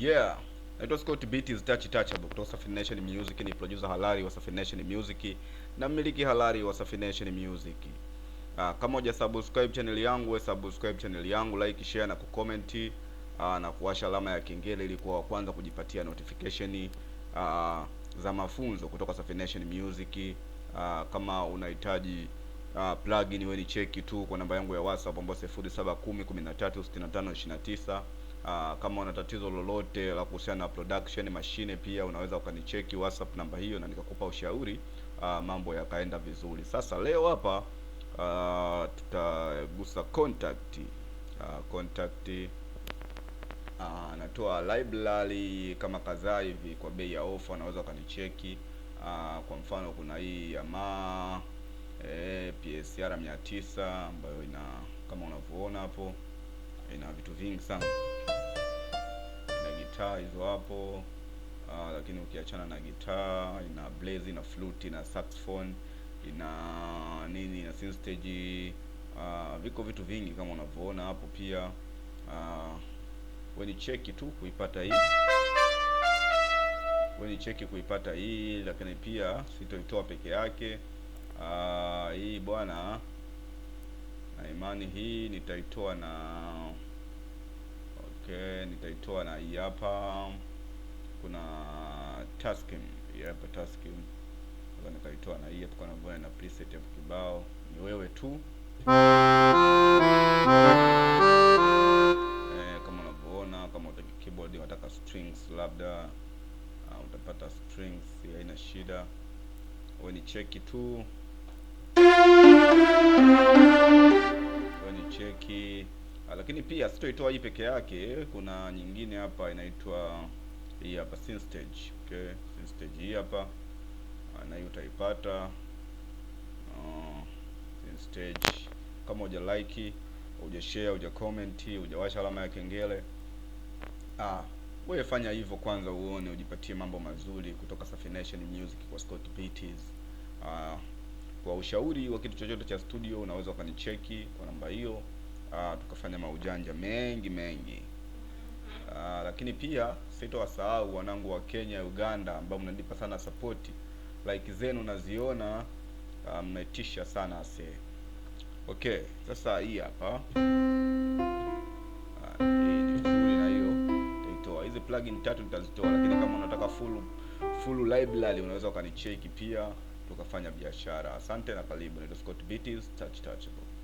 Yeah. Naitwa Scott Beat is touch touchable kutoka Safi Nation Music, ni producer halali wa Safi Nation Music na mmiliki halali wa Safi Nation Music. Aa, ah, kama uja subscribe channel yangu, we subscribe channel yangu, like, share na kucomment ah, na kuwasha alama ya kengele ili kuwa wa kwanza kujipatia notification aa, ah, za mafunzo kutoka Safi Nation Music. Aa, kama unahitaji uh, plugin wewe ni cheki tu kwa namba yangu ya WhatsApp ambayo 0710136529 Aa, ah, kama una tatizo lolote la kuhusiana na production mashine, pia unaweza ukanicheki WhatsApp namba hiyo na nikakupa ushauri, aa, ah, mambo yakaenda vizuri. Sasa leo hapa ah, tutagusa contact uh, contact natoa library kama kadhaa hivi kwa bei ya ofa, unaweza ukanicheki kwa mfano kuna hii ya ma eh, PSR 900 ambayo ina kama unavyoona hapo ina vitu vingi sana, ina gitaa hizo hapo uh, lakini ukiachana na gitaa ina blaze, ina flute, ina saxophone, ina nini, ina stage uh, viko vitu vingi kama unavyoona hapo pia uh, ah, weni cheki tu kuipata hii weni cheki kuipata hii, lakini pia sitoitoa peke yake uh, hii bwana na imani hii nitaitoa na Okay, nitaitoa na hii hapa, kuna taskim hii hapa taskim, nikaitoa na hii hapa, kwa sababu na preset hapo kibao, ni wewe tu eh, kama unavyoona, kama utaki keyboard unataka strings labda, uh, utapata strings, haina shida, wewe ni cheki tu ya sitoitoa hii peke yake, kuna nyingine hapa inaitwa hii hapa scene stage. Okay, scene stage hii hapa ah, na hiyo utaipata uh, stage. Kama uja like uja share uja comment ujawasha alama ya kengele ah, wewe fanya hivyo kwanza, uone ujipatie mambo mazuri kutoka Safi Nation Music kwa Scott Beatz. Uh, kwa ushauri wa kitu chochote cha studio unaweza ukanicheki kwa namba hiyo uh, tukafanya maujanja mengi mengi uh, lakini pia sitowasahau wanangu wa Kenya, Uganda ambao mnanipa sana sapoti, like zenu naziona, ah, mnaitisha um, sana ase. Okay, sasa hii hapa hizi plugin tatu nitazitoa, lakini kama unataka full full library unaweza ukanicheki pia, tukafanya biashara. Asante na karibu. Naitwa Scott Beatz, touch touchable.